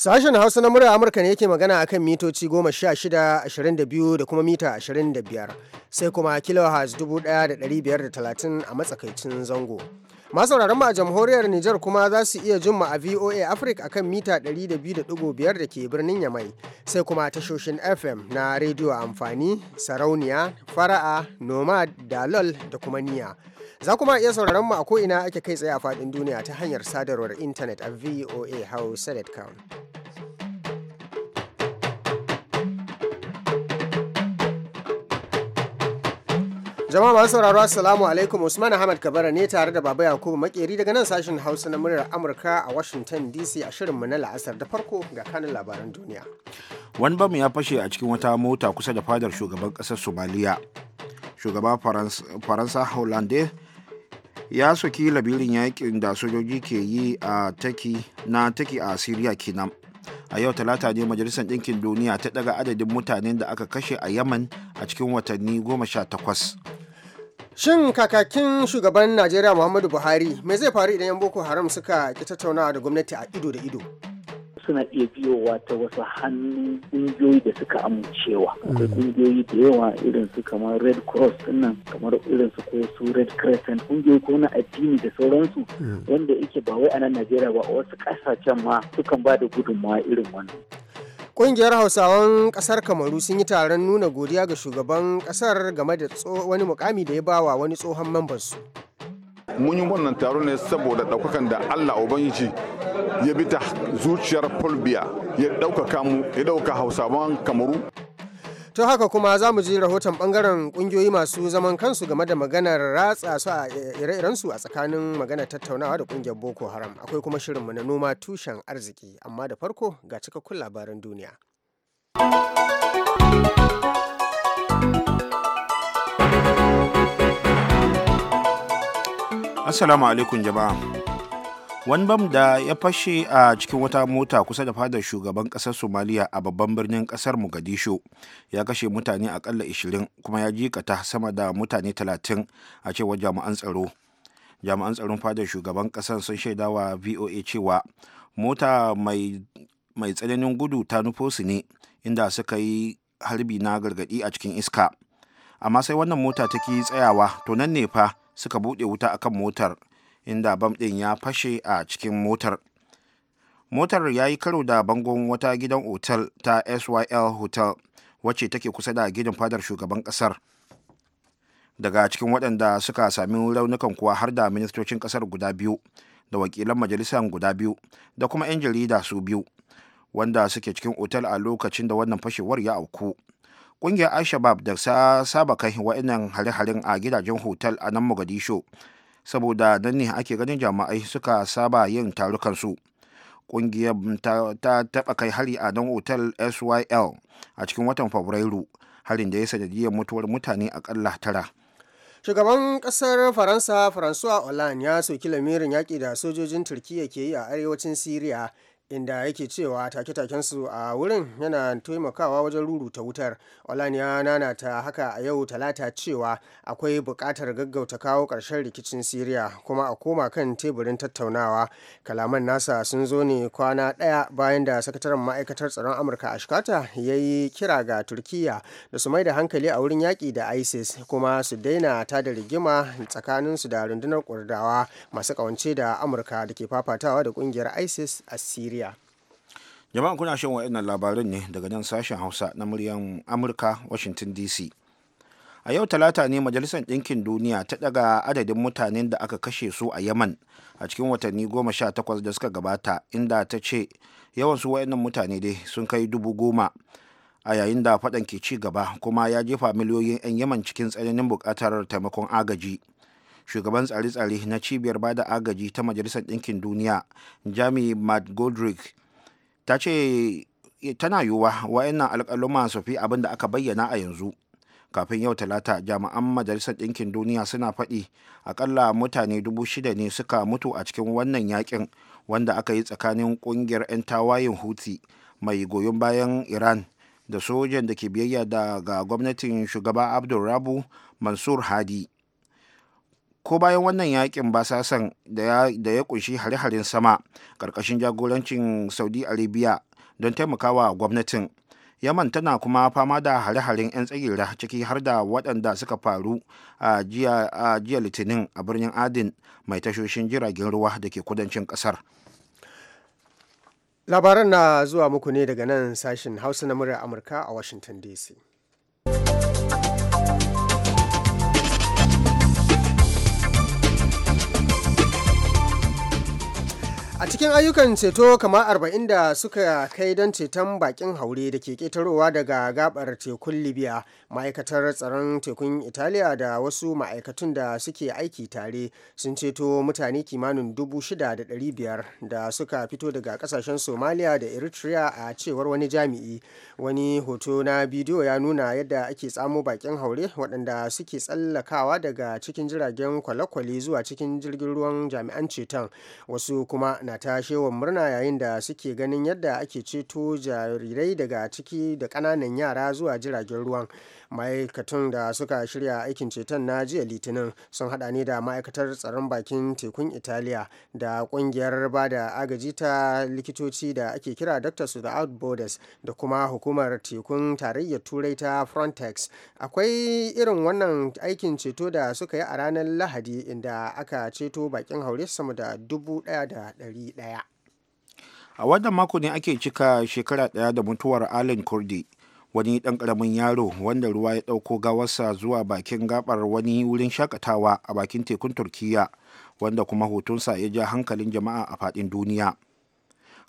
Sashen Hausa na murya Amurka ne yake magana a kan mitoci 16.22 22 da kuma mita 25, sai kuma kilohertz 1530 a matsakaicin zango. Masu mu a jamhuriyar Nijar kuma za su iya jin mu a VOA Africa akan mita 200.5 da ke birnin Yamai, sai kuma tashoshin FM na rediyo amfani, sarauniya, fara'a, nomad, dalol da kuma niya. Za kuma iya sauraron mu a ko'ina ake kai tsaye a faɗin duniya ta hanyar sadarwar intanet a voa voahausa.com. Jama'a masu sauraro Assalamu alaikum Usman Ahmad Kabara ne tare da Baba Yakubu Makeri daga nan sashen Hausa na muryar Amurka a Washington DC a shirin mu na la'asar da farko ga kanin labaran duniya. Wani bamu ya fashe a cikin wata mota kusa da fadar shugaban kasar Somaliya. Shugaban Faransa Hollande ya soki labirin yakin da sojoji ke yi a taki na taki a Siriya kenan. a yau talata ne majalisar ɗinkin duniya ta ɗaga adadin mutanen da aka kashe a yaman a cikin watanni goma sha takwas shin kakakin shugaban najeriya muhammadu buhari mai zai faru idan yan boko haram suka ki tattaunawa da gwamnati a ido da ido suna iya biyowa ta wasu hannu ƙungiyoyi da suka amincewa akwai mm. ƙungiyoyi da yawa irin su kamar red cross nan kamar irin su ko su red crescent ƙungiyoyi ko na addini da sauransu mm. wanda yake ba wai a nan najeriya ba a wasu ƙasashen ma sukan ba da gudunmawa irin wannan Ƙungiyar Hausawan kasar Kamaru sun yi taron nuna godiya ga shugaban kasar game da wani mukami da ya bawa wani tsohon mambansu. su. mun yi wannan taro ne saboda ɗaukakan da allah ubangiji ya bi ta zuciyar fulbiya ya daukaka mu ya ɗauka hausawan kamaru to haka kuma za mu ji rahoton bangaren kungiyoyi masu zaman kansu game da maganar ratsa su a ire iren su a tsakanin maganar tattaunawa da kungiyar boko haram akwai kuma shirin mu na noma tushen arziki amma da farko ga cikakkun labaran duniya Assalamu alaikum jama'a. Wani bam da ya fashe a cikin wata mota kusa da fadar shugaban kasar Somaliya a babban birnin kasar Mogadishu ya kashe mutane akalla 20 kuma ya jikata sama da mutane 30 a cewar jami'an tsaro. Jami'an tsaron fadar shugaban kasar sun shaidawa VOA cewa mota mai mai tsananin gudu ta nufo su ne inda suka yi harbi na gargadi a cikin iska amma sai wannan mota ta tsayawa to nan ne fa suka buɗe wuta akan motar inda bam ɗin ya fashe a cikin motar motar ya yi karo da bangon wata gidan otal ta syl hotel wacce take kusa da gidan fadar shugaban ƙasar daga cikin waɗanda suka sami raunukan kuwa har da ministocin ƙasar guda biyu da wakilan majalisar guda biyu da kuma 'yan jarida su biyu wanda suke cikin otal a lokacin da wannan fashewar ya auku kungiyar al-shabab da sa saba kai wa'annan hare-haren a gidajen hotel a nan mogadishu saboda nan ne ake ganin jama'ai suka saba yin tarukan su ƙungiyar ta taba kai hari a nan hotel syl a cikin watan fabrairu harin da ya sanadiyar mutuwar mutane a akalla tara shugaban kasar faransa francois hollande ya soki lamirin yaƙi da sojojin turkiyya ke yi a arewacin syria inda yake cewa take-takensu a wurin yana taimakawa wajen ruruta wutar olan ya ta haka a yau talata cewa akwai buƙatar gaggauta kawo ƙarshen rikicin siriya kuma a koma kan teburin tattaunawa kalaman nasa sun zo ne kwana ɗaya bayan da sakataren ma'aikatar tsaron amurka shikata ya yi kira ga turkiya da su mai da hankali a wurin yaƙi da isis kuma su daina ta da rigima tsakaninsu da rundunar kurdawa masu ƙawance da amurka da ke fafatawa da ƙungiyar isis a siriya najeriya Jama'a kuna shan wa'annan labarin ne daga nan sashen hausa na muryan amurka washington dc a yau talata ne majalisar ɗinkin duniya ta ɗaga adadin mutanen da aka kashe su a yaman a cikin watanni goma sha takwas da suka gabata inda ta ce yawan su wa'annan mutane dai sun kai dubu goma a yayin da faɗan ke ci gaba kuma ya jefa miliyoyin 'yan yaman cikin tsananin buƙatar taimakon agaji shugaban tsare-tsare na cibiyar bada agaji ta majalisar ɗinkin duniya jami matt goldrick ta ce tana yiwuwa wa'annan alƙaluma su fi abin da aka bayyana a yanzu kafin yau talata jami'an majalisar ɗinkin duniya suna faɗi akalla mutane dubu shida ne suka mutu a cikin wannan yakin wanda aka yi tsakanin ƙungiyar 'yan tawayen huti mai goyon bayan iran da sojan da ke biyayya daga gwamnatin shugaba abdulrabu mansur hadi ko bayan wannan yakin basasan da ya kunshi hare-haren sama karkashin jagorancin saudi arabia don taimakawa gwamnatin yaman tana kuma fama da hare-haren 'yan tsagira ciki har da waɗanda suka faru a jiya litinin a birnin adin mai tashoshin jiragen ruwa da ke kudancin ƙasar labaran na zuwa muku ne daga nan sashen hausa na murar amurka a washington dc A cikin ayyukan ceto kama arba'in da suka kai don ceton bakin haure da ke ketarowa daga gabar tekun Libya, ma'aikatar tsaron tekun Italiya da wasu ma'aikatun da suke aiki tare sun ceto mutane kimanin 6,500 da da suka fito daga kasashen Somalia da Eritrea a cewar wani jami'i. Wani hoto na bidiyo ya nuna yadda ake tsamo bakin haure waɗanda suke tsallakawa daga cikin jiragen kwale zuwa cikin jirgin ruwan jami'an ceton. Wasu kuma na ta shewan murna yayin da suke ganin yadda ake ceto jarirai daga ciki da ƙananan yara zuwa jiragen ruwan ma'aikatan da suka shirya aikin ceton na jiya litinin sun hada ne da ma'aikatar tsaron bakin tekun italiya da kungiyar ba da agaji ta likitoci da ake kira doctors without borders da kuma hukumar tekun tarayyar turai ta frontex akwai irin wannan aikin ceto da suka yi a ranar lahadi inda aka ceto bakin haure sama da dubu daya da dari daya a wannan mako ne ake cika shekara daya da mutuwar allen kurdi wani ɗan ƙaramin yaro wanda ruwa ya ɗauko gawarsa zuwa bakin gabar wani wurin shakatawa a bakin tekun turkiya wanda kuma hotonsa ya ja hankalin jama'a a faɗin duniya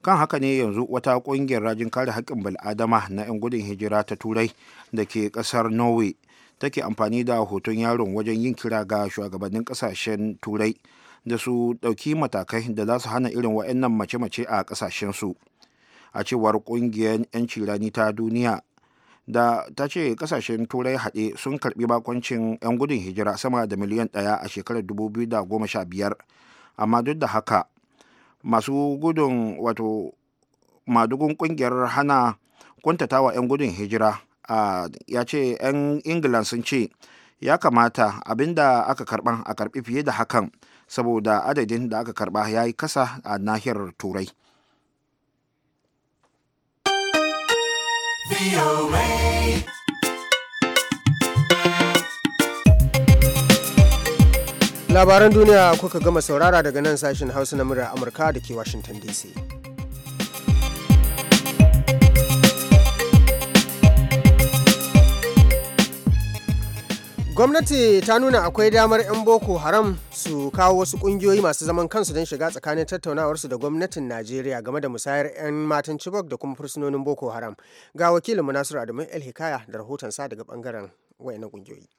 kan haka ne yanzu wata ƙungiyar rajin kare haƙƙin bil'adama na 'yan gudun hijira ta turai da ke ƙasar norway take amfani da hoton yaron wajen yin kira ga shugabannin ƙasashen turai da su ɗauki matakai da za su hana irin wa'annan mace-mace a ƙasashensu a cewar ƙungiyar 'yanci rani ta duniya da ta ce kasashen turai haɗe sun karɓi bakoncin 'yan gudun hijira sama da miliyan ɗaya a shekarar 2015 amma duk da haka masu gudun wato madugun ƙungiyar hana kuntatawa 'yan gudun hijira ya ce 'yan ingilan sun ce ya kamata abinda aka karɓa a karɓi fiye da hakan saboda adadin da aka karɓa ya yi kasa a nahiyar turai Labaran duniya kuka gama saurara daga nan sashen Hausa na murar Amurka da ke Washington DC. gwamnati ta nuna akwai damar 'yan boko haram su kawo wasu kungiyoyi masu zaman kansu don shiga tsakanin tattaunawarsu da gwamnatin najeriya game da musayar 'yan matan chibok da kuma fursunonin boko haram ga wakilin munasir adamu el hikaya da rahoton sa daga bangaren wayannan kungiyoyi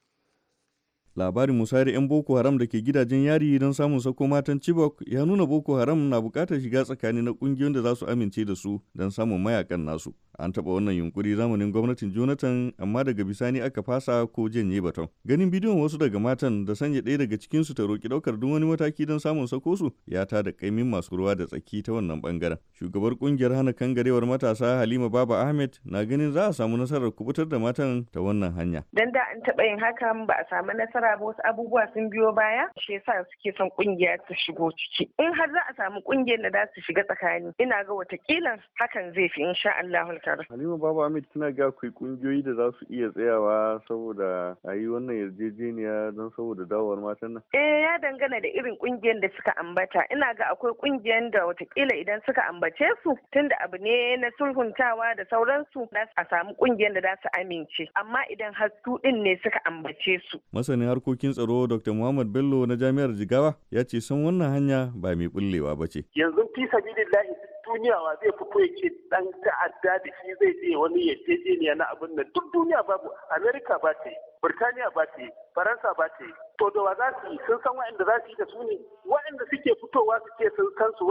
labarin musayar 'yan boko haram da ke gidajen yari don samun sako matan chibok ya nuna boko haram na bukatar shiga tsakani na kungiyoyin da za su amince da su don samun mayakan nasu An taɓa wannan yunkuri zamanin gwamnatin Jonathan amma daga bisani aka fasa ko janye baton. Ganin bidiyon wasu daga matan da sanya ɗaya daga cikinsu ta roƙi ɗaukar duk wani mataki don samun sakosu ya ta da ƙaimin masu ruwa da tsaki ta wannan ɓangaren. Shugabar ƙungiyar hana kangarewar matasa Halima Baba Ahmed na ganin za a samu nasarar kubutar da matan ta wannan hanya. Dan da an taɓa yin hakan ba a samu nasara ba wasu abubuwa sun biyo baya shi yasa suke son ƙungiya ta shigo ciki. In har za a samu ƙungiyar da za su shiga tsakani ina ga watakila hakan zai fi insha Allah Halima Babu Amit tana ga akwai kungiyoyi da za su iya tsayawa saboda a yi wannan yarjejeniya don saboda dawowar matan nan? Eh ya dangana da irin kungiyar da suka ambata. Ina ga akwai kungiyar da watakila idan suka ambace su tunda abu ne na sulhuntawa da sauransu za a samu kungiyar da za su amince. Amma idan har su din ne suka ambace su. Masanin harkokin tsaro Dr. Muhammad Bello na Jami'ar Jigawa ya ce sun wannan hanya ba mai bullewa ba ce. Yanzu fi sabilillahi duniya wa zai fito ya ce dan ta'adda da shi zai je wani ya je na abin nan duk duniya babu Amerika ba ta yi birtaniya ba ta yi faransa ba ta yi to da wa za su yi sun san waɗanda za su yi da su ne waɗanda suke fitowa su ce sun san su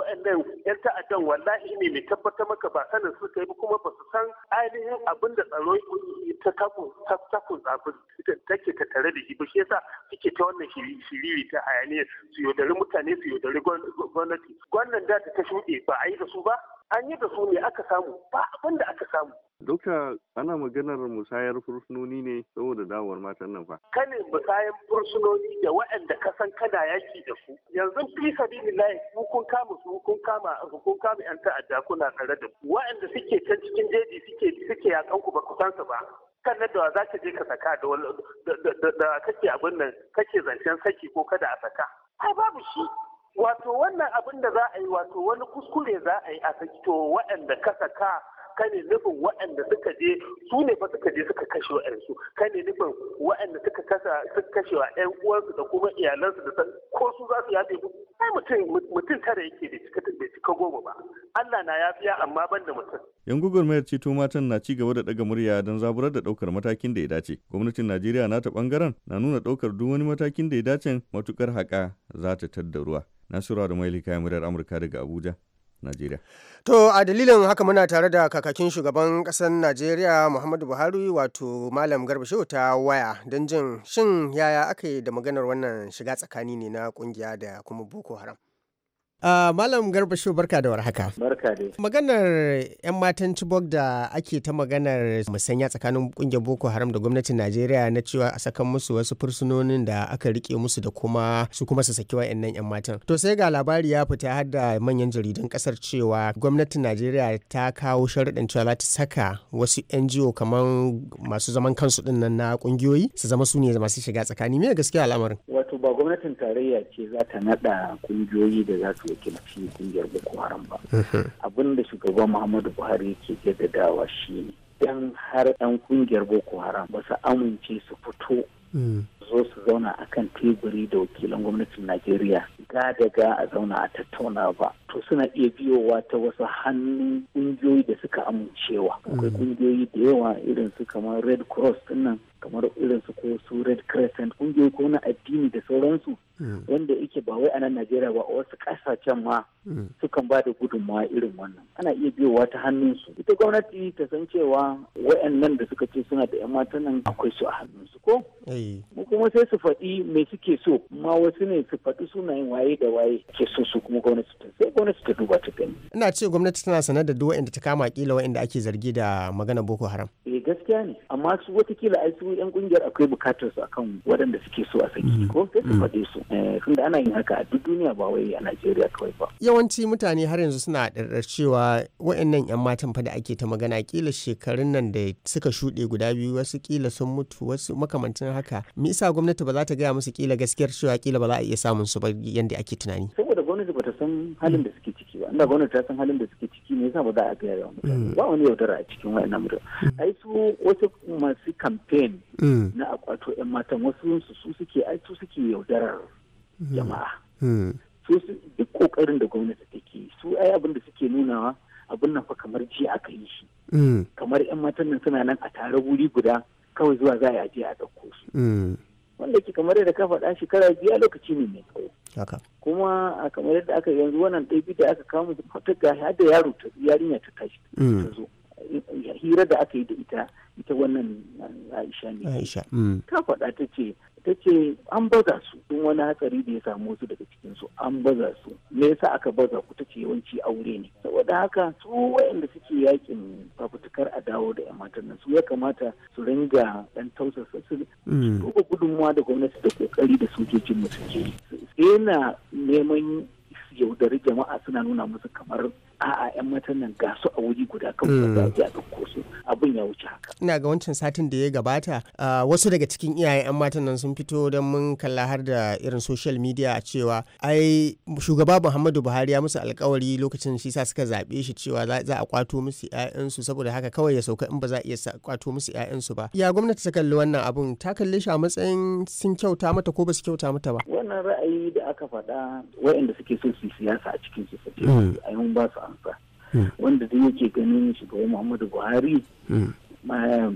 yan ta'addan wallahi ne mai tabbatar maka ba sanin su kai kuma ba su san ainihin abin da tsaro ta takun takun zafin take ta tare da shi ba shi yasa suke ta wannan shiriri ta hayaniyar su yaudari mutane su yaudari gwamnati gwamnan da ta shuɗe ba a yi da su ba an yi da su ne aka samu ba abin da aka samu Duka ana maganar musayar fursunoni ne saboda dawowar matan nan fa. Kane musayar fursunoni da waɗanda ka san kana yaki da su. Yanzu fi sabilillahi ku kun kama su kun kama kun kama yan ta'adda kuna tare da ku. Waɗanda suke can cikin jeji suke suke yakan ku ba ku san su ba. kan nan da za ka je ka saka da da kake abin nan kake zancen saki ko kada a saka ai babu shi wato wannan abin da za a yi wato wani kuskure za a yi a saki to waɗanda ka saka kane nufin waɗanda suka je su ne fa suka je suka kashe waɗansu kane nufin waɗanda suka kasa suka kashe wa ƴan uwansu da kuma iyalansu da ko su za su yafe ai mutum mutum tare yake da cika bai cika goma ba Allah na yafiya amma ban da mutum yan gugurmayar ceto matan na ci gaba da daga murya don zaburar da daukar matakin da ya dace gwamnatin Najeriya na ta bangaren na nuna daukar duk wani matakin da ya dace matukar haka za ta tadda ruwa nasiru da Mailika Murar Amurka daga Abuja Najeriya. To a dalilin haka muna tare da kakakin shugaban ƙasar Najeriya Muhammadu Buhari wato Malam Garba Shehu ta waya don jin shin yaya aka yi da maganar wannan shiga tsakani ne na kungiya da kuma Boko Haram. Uh, Malam Garba Shu barka da warhaka. Barka dai. Maganar 'yan matan Chibok da ake ta maganar musanya tsakanin kungiyar Boko Haram da gwamnatin Najeriya na cewa a sakan musu wasu fursunonin da aka rike musu da kuma su kuma su saki wa'annan 'yan matan. To sai ga labari ya fita har da manyan jaridun kasar cewa gwamnatin Najeriya ta kawo sharuɗin cewa za ta saka wasu NGO kamar masu zaman kansu din nan na kungiyoyi su zama su ne masu shiga tsakani. Me gaskiya al'amarin? Wato ba gwamnatin tarayya ce za ta naɗa kungiyoyi da za su wakilci kungiyar boko haram ba abin da shugaban muhammadu buhari ke jaddadawa shine Dan har 'yan kungiyar boko haram ba su amince su fito mm. zo su zauna a kan teburi da wakilan gwamnatin najeriya ga da ga a zauna a tattauna ba to suna iya biyowa ta wasu hannu. kungiyoyi da suka amincewa akwai mm. kungiyoyi da yawa irin su kamar red cross dinnan kamar irin su ko su red crescent kungiyoyi ko na addini da sauransu Mm. wanda yake ba wai a nan Najeriya ba a wasu kasashen ma mm. sukan ba da gudunmawa irin wannan ana iya biyowa ta hannunsu ita gwamnati ta san cewa wayannan da suka ce suna da 'yan matan nan akwai su a hannunsu ko mu kuma sai su faɗi me suke so ma wasu ne su faɗi sunayen waye da waye ke so su kuma gwamnati ta sai gwamnati ta duba ta gani ina ce gwamnati tana sanar da duk inda ta kama kila wanda ake zargi da magana boko haram eh gaskiya ne amma su watakila ai su yan kungiyar akwai bukatar su akan waɗanda suke so a saki mm. ko sai su faɗe su Eh, da ana yin haka a duk duniya ba wai a najeriya kawai ba yawanci mutane har yanzu suna ɗarɗar cewa wa'annan 'yan matan fa da ake ta magana kila shekarun nan da suka shuɗe guda biyu wasu kila sun mutu wasu makamancin haka me isa gwamnati ba za ta gaya musu kila gaskiyar cewa kila ba za a iya samun su ba yadda ake tunani saboda gwamnati ba ta san halin da suke ciki ba inda gwamnati ta san halin da suke ciki me yasa ba za a gaya wa mutane mm. ba wani yaudara a cikin wa'annan mutane mm. ai su wasu masu campaign mm. na akwato 'yan matan wasu su suke ai su suke yaudarar jama'a hmm. so duk kokarin da gwamnati take su ai abin da suke nunawa abin nan fa kamar ji aka yi shi hmm. kamar yan matan nan suna nan a tare wuri guda kawai zuwa za a je a ɗauko su hmm. wanda ke kamar yadda ka faɗa shekara biya lokaci ne mai tsawo kuma a kamar yadda aka yanzu wannan ɗaibi da aka kama da fata ga har da yaro ta yarinya ta tashi ta zo hira da aka yi da ita ita wannan Aisha ne ka faɗa ta ce ta ce an baza su in wani hatsari da ya samu wasu daga cikin su. an baza su me yasa aka baza ku ta ce yawanci aure ne saboda haka su wayanda suke yakin fafutukar a dawo da yan matan nan su ya kamata su ringa dan tausasa su mm. duba gudunmuwa da gwamnati da kokari da sojojin mu suke yana neman yaudari jama'a suna nuna musu kamar a'a yan matan nan ga su a wuri guda kawai da a su abin ya wuce haka. Ina ga wancan satin da ya gabata wasu daga cikin iyayen yan matan nan sun fito don mun kalla har da irin social media a cewa ai shugaba Muhammadu Buhari ya musu alkawari lokacin shi sa suka zaɓe shi cewa za a kwato musu 'ya'yansu. saboda haka kawai ya sauka in ba za a iya kwato musu 'ya'yansu ba. Ya gwamnati ta kalli wannan abun ta kalle shi a matsayin sun kyauta mata ko ba su kyauta mata ba. Wannan ra'ayi da aka faɗa waɗanda suke so su siyasa a cikin su su ce hmm. ba su amsa hmm. wanda zai yake ganin shugaban muhammadu buhari hmm. bai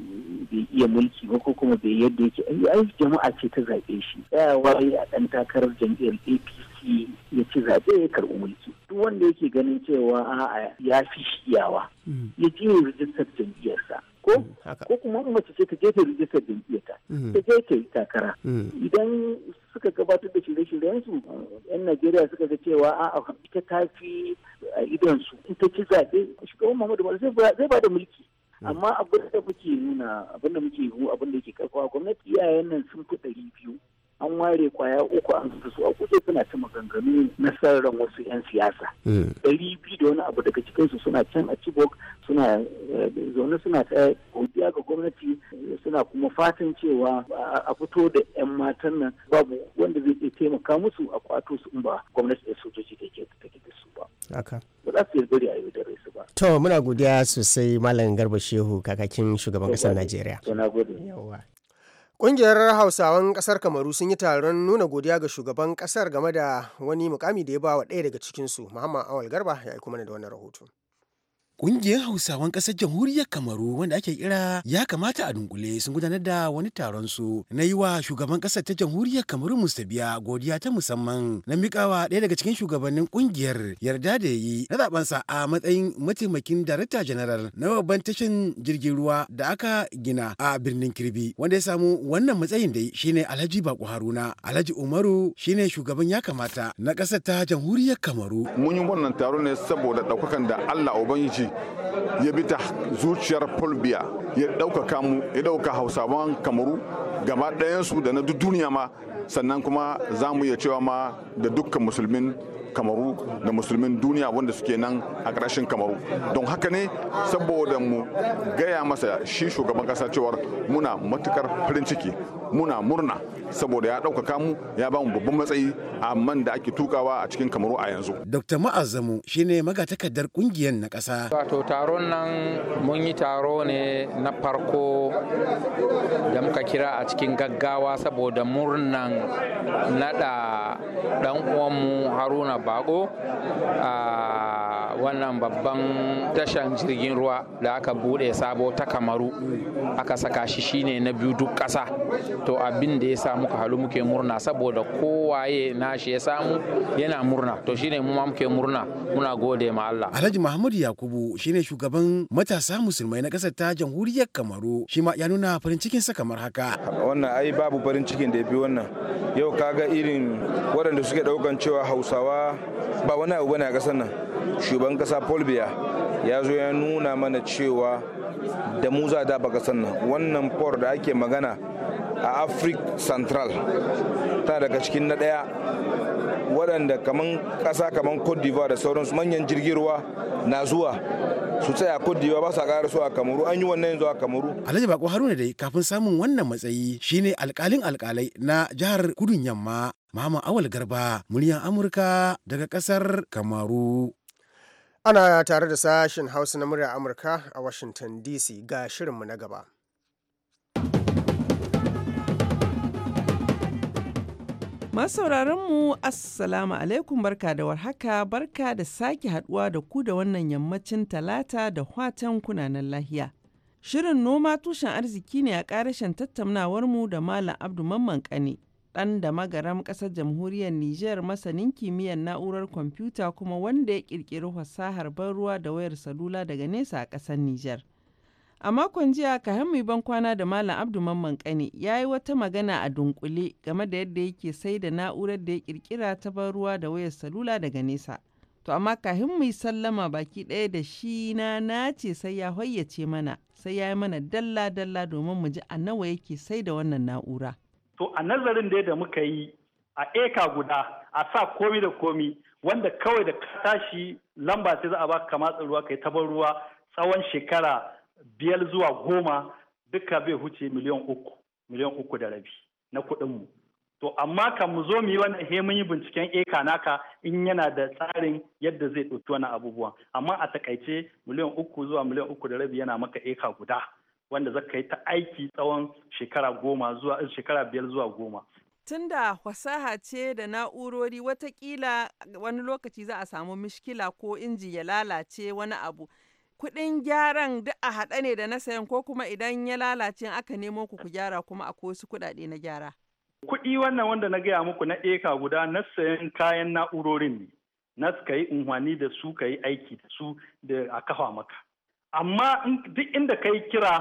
iya mulki ba ko kuma bai yadda yake ai jama'a ce ta zaɓe shi tsayawa ya a ɗan takarar jam'iyyar apc ya ci zaɓe ya karɓi mulki duk wanda yake ganin cewa a'a ya fi shiyawa hmm. ya je rijistar jam'iyyarsa ko mm, ko kuma mace ce ta je ta rijistar jam'iyyata mm. ta je ta yi takara mm. idan suka gabatar da shirye-shiryen su yan Najeriya suka ga cewa a ita ta fi a idon su ita ci zaɓe shugaban Muhammadu Buhari zai ba da mulki amma abin da muke nuna abin da muke yi abin da yake karfawa gwamnati iyayen nan sun fi ɗari biyu an ware kwaya uku an zuta su a kuje suna ta maganganu na sararin wasu 'yan siyasa. Hmm. Ɗari biyu da wani abu daga cikinsu suna can a Chibok suna eh, zaune suna ta godiya ga gwamnati suna kuma fatan cewa a fito da 'yan matan nan babu wanda zai iya taimaka musu a kwato su in ba gwamnati da sojoji take take da su ba. Haka. Ba za su yarda da ayo su ba. To muna godiya sosai Malam Garba Shehu kakakin shugaban ƙasar Najeriya. Ƙungiyar Hausawan ƙasar Kamaru sun yi taron nuna godiya ga shugaban ƙasar game da wani mukami da ya ba wa ɗaya daga cikinsu, Muhammad Awal Garba ya aiko mana da wannan rahoton. Ƙungiyar Hausawan ƙasar Jamhuriyar Kamaru wanda ake kira ya kamata a dunkule sun gudanar da wani taron su na yi wa shugaban ƙasar ta Jamhuriyar Kamaru Mustabiya godiya ta musamman na mikawa ɗaya daga cikin shugabannin ƙungiyar yarda da yi na sa a matsayin mataimakin darakta janaral na babban tashin jirgin ruwa da aka gina a birnin Kirbi wanda ya samu wannan matsayin dai shine Alhaji Bako Haruna Alhaji Umaru shine shugaban ya kamata na ƙasar ta Jamhuriyar Kamaru. Mun yi wannan taro ne saboda ɗaukakan da Allah Ubangiji ya bi ta zuciyar polbiya ya ɗaukaka mu ya ɗauka hausawan kamaru gaba ɗayansu da na duniya ma sannan kuma za mu iya cewa ma da dukkan musulmin kamaru da musulmin duniya wanda suke nan a ƙarshen kamaru don haka ne saboda mu gaya masa shi shugaban ƙasa cewar muna matukar farin ciki muna murna saboda ya ɗaukaka mu ya ba mu babban matsayi a man da ake tukawa a cikin kamaru a yanzu. Dr. ma'azamu shine magatakardar kungiyar na ƙasa. Wato taron nan mun yi taro ne na farko da muka kira a cikin gaggawa saboda murnan nada dan uwanmu Haruna Bako a wannan babban tashan jirgin ruwa da aka bude sabo ta kamaru aka saka shi shine na biyu duk ƙasa to abin da ya sa muka halu muke murna saboda kowaye shi ya samu yana murna to shine mu ma muke murna muna gode ma Allah Alhaji Muhammadu Yakubu shine shugaban matasa musulmai na kasar ta jamhuriyar Kamaru shi ma ya nuna farin cikin sa kamar haka wannan ai babu farin cikin da ya bi wannan yau kaga irin waɗanda suke daukan cewa Hausawa ba wani abu bane a kasar nan shugaban kasa Paul ya zo ya nuna mana cewa da mu za da baka sannan wannan port da ake magana a afirka central ta daga cikin na daya waɗanda kaman ƙasa kamar cote d'ivoire da sauransu manyan jirgin ruwa na zuwa su tsaya cote d'ivoire ba sa ƙara su a kamaru an yi wannan yanzu a kamaru alhaji bako haruna dai kafin samun wannan matsayi shine alƙalin alƙalai na jihar kudun yamma Mama Awal Garba, muryar Amurka daga ƙasar Kamaru. Ana tare da sashen Hausa na murya Amurka a Washington DC ga shirinmu na gaba. mu Assalamu alaikum barka da warhaka barka da sake haduwa da ku da wannan yammacin talata da watan kunanan lahiya. Shirin noma tushen arziki ne a karashen tattaunawarmu da Malam Abdu Mamman Kane ɗan da magaram ƙasar jamhuriyar Nijar masanin kimiyyar na'urar kwamfuta kuma wanda ya ƙirƙiri fasahar ban ruwa da wayar salula daga nesa a ƙasar Nijar. A makon jiya ban kwana da Malam Abdu Mamman ya yi wata magana a dunkule game da yadda yake sai da na'urar da ya ƙirƙira ta ban ruwa da wayar salula daga nesa. To amma kahin mu sallama baki ɗaya da shi na na sai ya hoyyace mana sai ya yi mana dalla-dalla domin mu ji a nawa yake sai da wannan na'ura. to a nazarin da muka yi a eka guda a sa komi da komi wanda kawai da tashi lamba sai za a baka kama ruwa kai tabar ruwa tsawon shekara biyar zuwa goma duka bai huce miliyan uku miliyan uku da rabi na kuɗinmu to amma kan mu zo mu yi wannan he mun yi binciken eka naka in yana da tsarin yadda zai ɗauki wani abubuwan amma a takaice miliyan uku zuwa miliyan uku da rabi yana maka eka guda wanda za ka yi ta aiki tsawon shekara goma zuwa shekara biyar zuwa goma tunda fasaha ce da na'urori watakila wani lokaci za a samu mishkila ko inji ya lalace wani abu kuɗin gyaran duk a haɗa ne da na sayan ko kuma idan ya lalace aka nemo ku ku gyara kuma akwai wasu kuɗaɗe na gyara kuɗi wannan wanda na gaya muku na eka guda na sayan kayan na'urorin ne na ka yi unhwani da su ka yi aiki da su da a kafa maka amma duk inda kai kira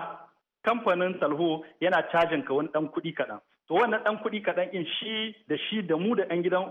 kamfanin salho yana cajin ka wani dan kuɗi kaɗan to wannan dan kuɗi kaɗan in shi da shi da mu da ɗan gidan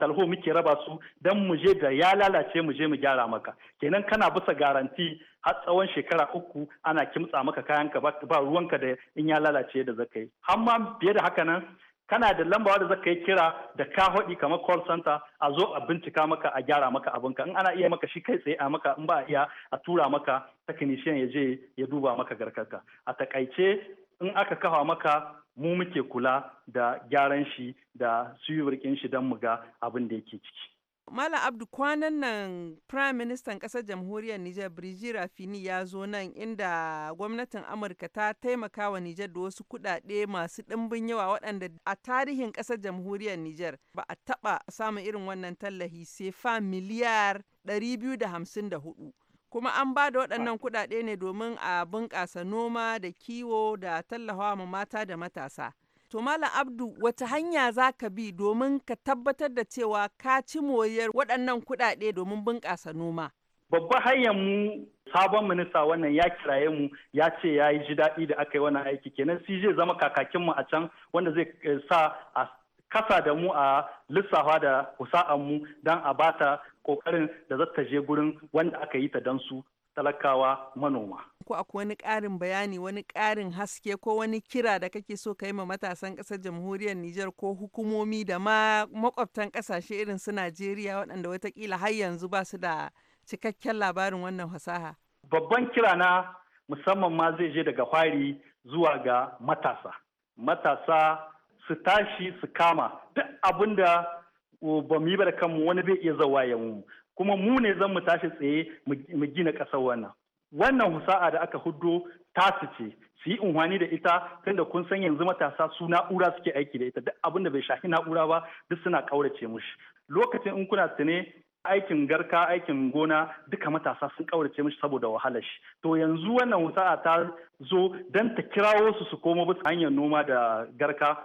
talho eh, muke raba su dan mu je da ya lalace mu je mu gyara maka kenan kana bisa garanti har tsawon shekara uku ana kimtsa maka kayanka ba ruwanka da in ya lalace da zakai amma fiye da haka nan kana da lamba da zaka yi kira da ka haɗi kamar call center a zo a bincika maka a gyara maka abin ka in ana iya maka shi kai tsaye a maka in ba a iya a tura maka technician ya je ya duba maka garkarka a takaice in aka kafa maka mu muke kula da gyaran shi da suyurkin shi don mu ga abin da yake ciki Mala Abdu kwanan nan Prime minister ƙasar jamhuriyar Nijar Birji Rafini ya zo nan inda gwamnatin Amurka ta taimaka wa Nijar da wasu kudade masu ɗimbin yawa waɗanda a tarihin ƙasar jamhuriyar Nijar ba a taɓa samun irin wannan tallahi sai fa miliyar 254. kuma an ba da waɗannan kuɗaɗe ne domin a bunƙasa noma da kiwo da tallafawa mata da matasa. To Malam Abdu wata hanya za ka bi domin ka tabbatar da cewa ka ci moyar waɗannan kuɗaɗe domin bunƙasa noma? Babban hanyar mu sabon minista wannan ya kiraye mu ya ce ya yi ji daɗi da aka yi wannan aiki kenan CJ zai zama kakakinmu a can wanda zai eh, sa a kasa da mu a lissafa da husa'an mu don a bata kokarin da zata je gurin wanda aka yi ta don su talakawa manoma. ko akwai wani ƙarin bayani wani ƙarin haske ko wani kira da kake so ka yi ma matasan ƙasar jamhuriyar Nijar ko hukumomi da ma makwabtan ƙasashe irin su Najeriya waɗanda watakila har yanzu ba su da cikakken labarin wannan fasaha. Babban kira na musamman ma zai je daga fari zuwa ga matasa. Matasa su tashi su kama duk abin da ba mu yi ba da kanmu wani zai iya zawa mu kuma mu ne zan mu tashi tsaye mu gina ƙasar wannan. wannan husa'a da aka huddo ta ce su yi unhwani da ita tunda kun san yanzu matasa su na'ura suke aiki da ita duk abin da bai shafi na'ura ba duk suna kaurace mushi lokacin in kuna tune aikin garka aikin gona duka matasa sun kaurace mushi saboda wahalar shi to yanzu wannan husa'a ta zo don ta kirawo su su komo bisa hanyar noma da garka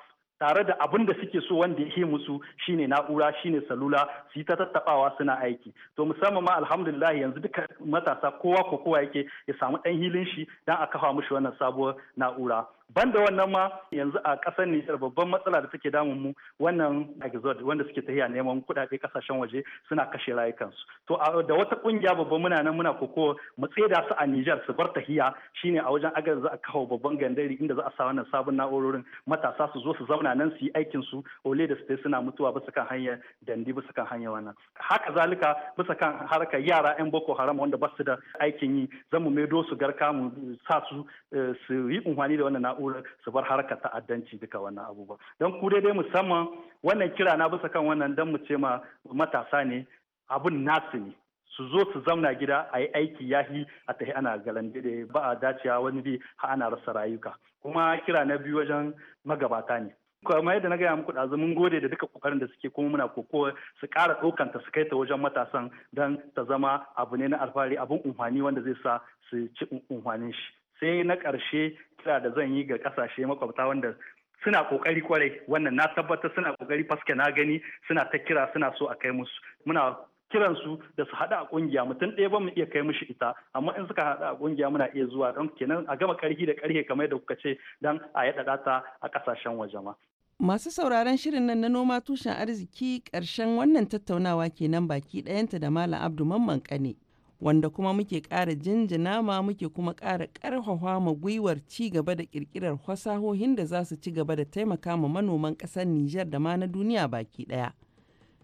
tare da abin da suke so wanda ya yake musu shine na'ura shine salula su yi ta tattabawa suna aiki to musamman ma alhamdulillah yanzu duka matasa kowa ko kowa yake ya samu dan hilin shi dan a kafa mishi wannan sabuwar na'ura banda wannan ma yanzu a ƙasar Nijar babban matsala da take damun mu wannan exod wanda suke tafiya neman kuɗaɗe ƙasashen waje suna kashe rayukansu to da wata ƙungiya babban muna nan muna koko mu tseda su a Nijar su bar tahiya shine a wajen agar za a kawo babban gandari inda za a sa wannan sabon na'urorin matasa su zo su zauna nan su yi aikin su ole da su suna mutuwa bisa kan hanyar dandi bisa kan hanyar wannan haka zalika bisa kan harka yara 'yan boko haram wanda ba su da aikin yi zamu maido su garka mu sa su eh, su yi unhwani da wannan su bar harkar ta'addanci duka wannan abubuwa don ku dai musamman wannan kira na bisa kan wannan don mu ce ma matasa ne abun nasu ne su zo su zamna gida a yi aiki yahi a tahi ana galan da ba a dacewa wani bi ha ana rasa rayuka kuma kira na biyu wajen magabata ne kamar yadda na gaya muku ɗazu mun gode da duka kokarin da suke kuma muna koko su ƙara ɗaukan ta su kai ta wajen matasan don ta zama abu ne na alfahari abun umfani wanda zai sa su ci umfanin shi sai na ƙarshe kira da zan yi ga kasashe makwabta wanda suna kokari kwarai wannan na tabbatar suna kokari faske na gani suna ta kira suna so a kai musu muna kiran su da su hada a kungiya mutum ɗaya ba mu iya kai mishi ita amma in suka hada a kungiya muna iya zuwa don kenan a gama karhi da karhe kamar da kuka ce don a yaɗa ta a kasashen waje ma Masu sauraron shirin nan na noma tushen arziki ƙarshen wannan tattaunawa kenan baki ɗayanta da Malam Abdu Mamman Kane wanda kuma muke ƙara jinjina ma muke kuma ƙara ƙarfafa ma gwiwar ci gaba da ƙirƙirar fasahohin da za su ci gaba da taimaka ma manoman ƙasar Nijar da ma na duniya baki ɗaya.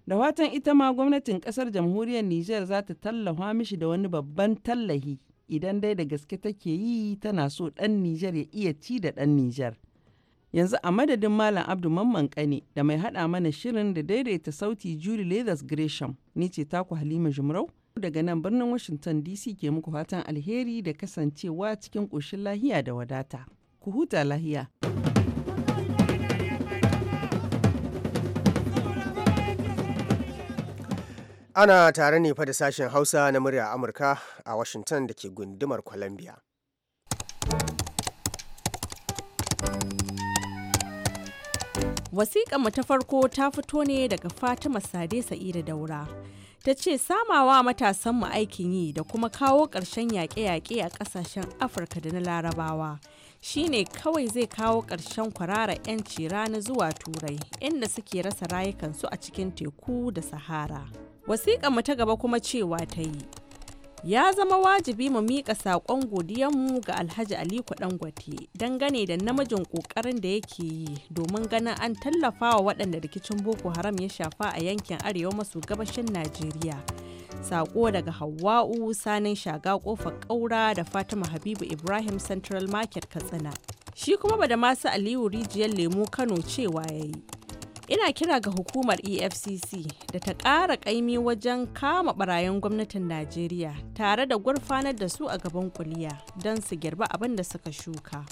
Da watan ita ma gwamnatin ƙasar jamhuriyar Nijar za ta tallafa mishi da wani babban tallahi idan dai da gaske take yi tana so ɗan Nijar ya iya ci da ɗan Nijar. yanzu a madadin Malam Abdu Mamman Kane da mai haɗa mana shirin da daidaita sauti Julie Leathers Gresham, ni ce taku Halima Jumrau daga nan birnin Washington DC ke muku fatan alheri da kasancewa cikin ƙoshin lahiya da wadata. Ku huta lahiya. Ana tare ne fa da sashen Hausa na murya Amurka a Washington da ke gundumar Columbia. Wasiƙa mu ta farko ta fito ne daga Fatima Sade Sa'idu Daura. ta ce samawa matasanmu aikin yi da kuma kawo ƙarshen yaƙe-yaƙe a ƙasashen afirka da na larabawa shine kawai zai kawo ƙarshen kwarara 'yanci rana zuwa turai inda suke rasa rayukansu a cikin teku da sahara wasiƙa mu ta gaba kuma cewa ta yi ya zama wajibi mu miƙa saƙon mu ga alhaji aliko Dangwate dangane da namijin ƙoƙarin da yake yi domin ganin an tallafa wa waɗanda rikicin boko haram ya shafa a yankin arewa maso gabashin najeriya saƙo daga hawa'u sanin shaga ƙofar ƙaura da fatima habibu ibrahim central market katsina shi kuma masu aliyu rijiyar lemo kano cewa ya yi ina kira ga hukumar efcc da ta ƙara ƙaimi wajen kama ɓarayin gwamnatin najeriya tare da gurfanar da su a gaban kuliya don su girba abin da suka shuka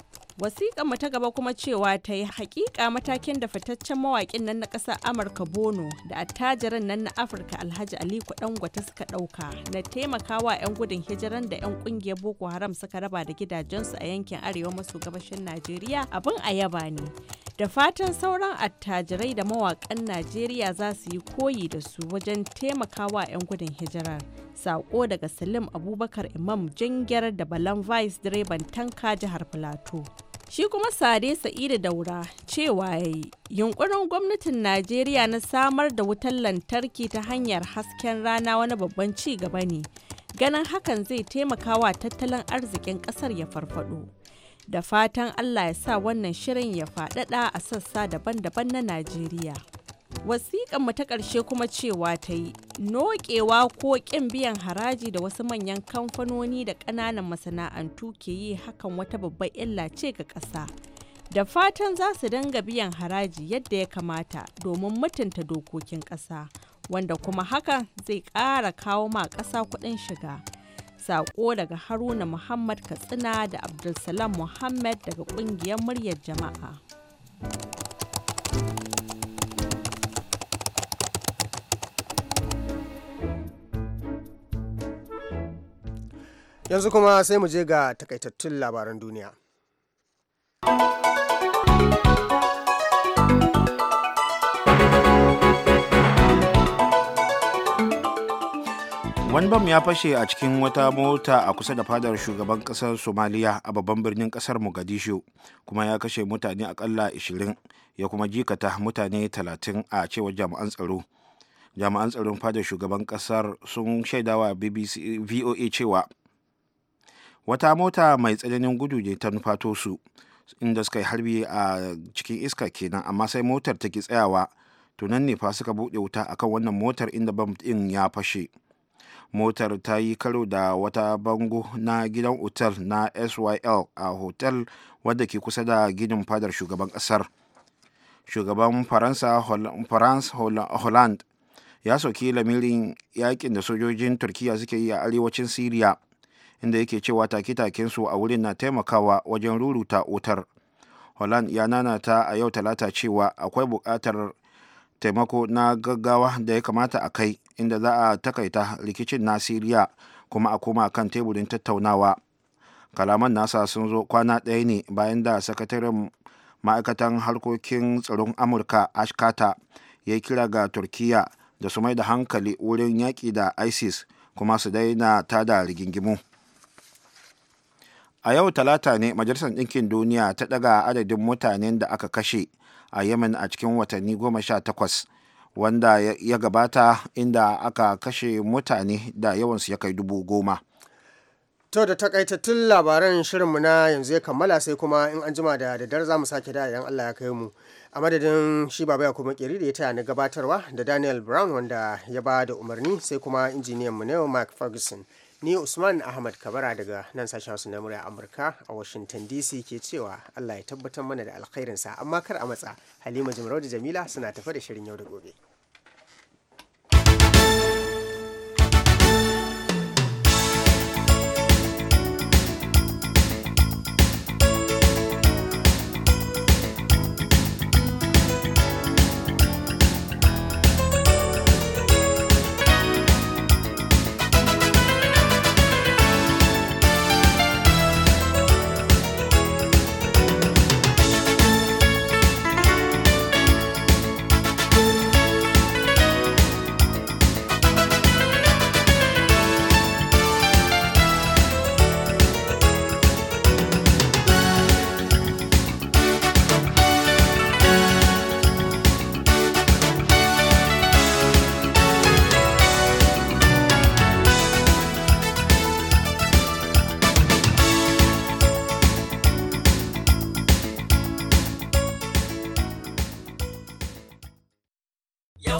mu ta gaba kuma cewa ta yi hakika matakin da fitaccen mawaƙin nan na ƙasar amurka bono da attajiran nan na afirka alhaji aliko dangote suka ɗauka na taimakawa 'yan gudun hijiran da 'yan ƙungiyar boko haram suka raba da gidajensu a yankin arewa maso gabashin najeriya abin a yaba ne da fatan sauran attajirai da mawakan najeriya za su yi koyi da su wajen taimakawa 'yan gudun hijirar Sako daga Salim Abubakar Imam jangiyar da Balan Vice direban tanka jihar Filato. Shi kuma Sade sa'ida Daura cewa ya yi yunkurin gwamnatin Najeriya na samar da wutar lantarki ta hanyar hasken rana wani babban ci gaba ne. Ganin hakan zai taimaka wa tattalin arzikin kasar ya farfado. Da fatan Allah ya sa wannan shirin ya faɗaɗa a sassa daban-daban na Najeriya. wasiƙan mu ta ƙarshe kuma cewa ta yi noƙewa ko ƙin biyan haraji da wasu manyan kamfanoni da ƙananan masana'antu ke yi hakan wata babbar illa ce ga ƙasa da fatan za su dinga biyan haraji yadda ya kamata domin mutunta dokokin ƙasa wanda kuma hakan zai ƙara kawo ma ƙasa kuɗin shiga saƙo daga haruna muhammad katsina da abdulsalam muhammad daga ƙungiyar muryar jama'a. yanzu kuma sai mu je ga takaitattun labaran duniya wani bam ya fashe a cikin wata mota a kusa da fadar shugaban kasar somaliya a babban birnin kasar mogadishu kuma ya kashe mutane akalla 20 ya kuma jikata mutane 30 a cewar jami'an tsaro jami'an tsaron fadar shugaban kasar sun shaidawa bbc voa cewa wata mota mai tsananin gudu ne ta nufato su inda suka yi harbi a cikin iska kenan amma sai motar ta ki tsayawa tunan ne fa suka buɗe wuta akan wannan motar inda bam ɗin ya fashe motar ta yi karo da wata bango na gidan otal na syl a hotel wadda ke kusa da ginin fadar shugaban ƙasar shugaban faransa france holland ya soki lamirin yakin da sojojin turkiya suke yi a arewacin syria inda yake cewa take-takensu a wurin na taimakawa wajen ruruta wutar holland ya nanata a yau talata cewa akwai buƙatar taimako na gaggawa da ya kamata a kai inda za a takaita rikicin na siriya kuma a koma kan teburin tattaunawa kalaman nasa sun zo kwana ɗaya ne bayan da sakataren ma'aikatan harkokin tsaron amurka ashkata ya kira ga turkiyya da su mai da hankali wurin yaƙi da isis kuma su daina tada rigingimu. a yau talata ne majalisar ɗinkin duniya ta ɗaga adadin mutanen da aka kashe a yemen a cikin watanni goma sha takwas wanda ya gabata inda aka kashe mutane da yawansu ya kai dubu goma to da takaitattun labaran shirinmu na yanzu ya kammala sai kuma in an jima da daddare za mu sake da idan allah ya kai mu a madadin shi baba ya kuma kiri da ya taya na gabatarwa da daniel brown wanda ya ba da umarni sai kuma injiniyan mu ne mark ferguson ni usman ahmad kabara daga nan sashen wasu na murya amurka a washington dc ke cewa allah ya tabbatar mana da alkhairinsa amma kar a matsa halima jimarau da jamila suna tafa da shirin yau da gobe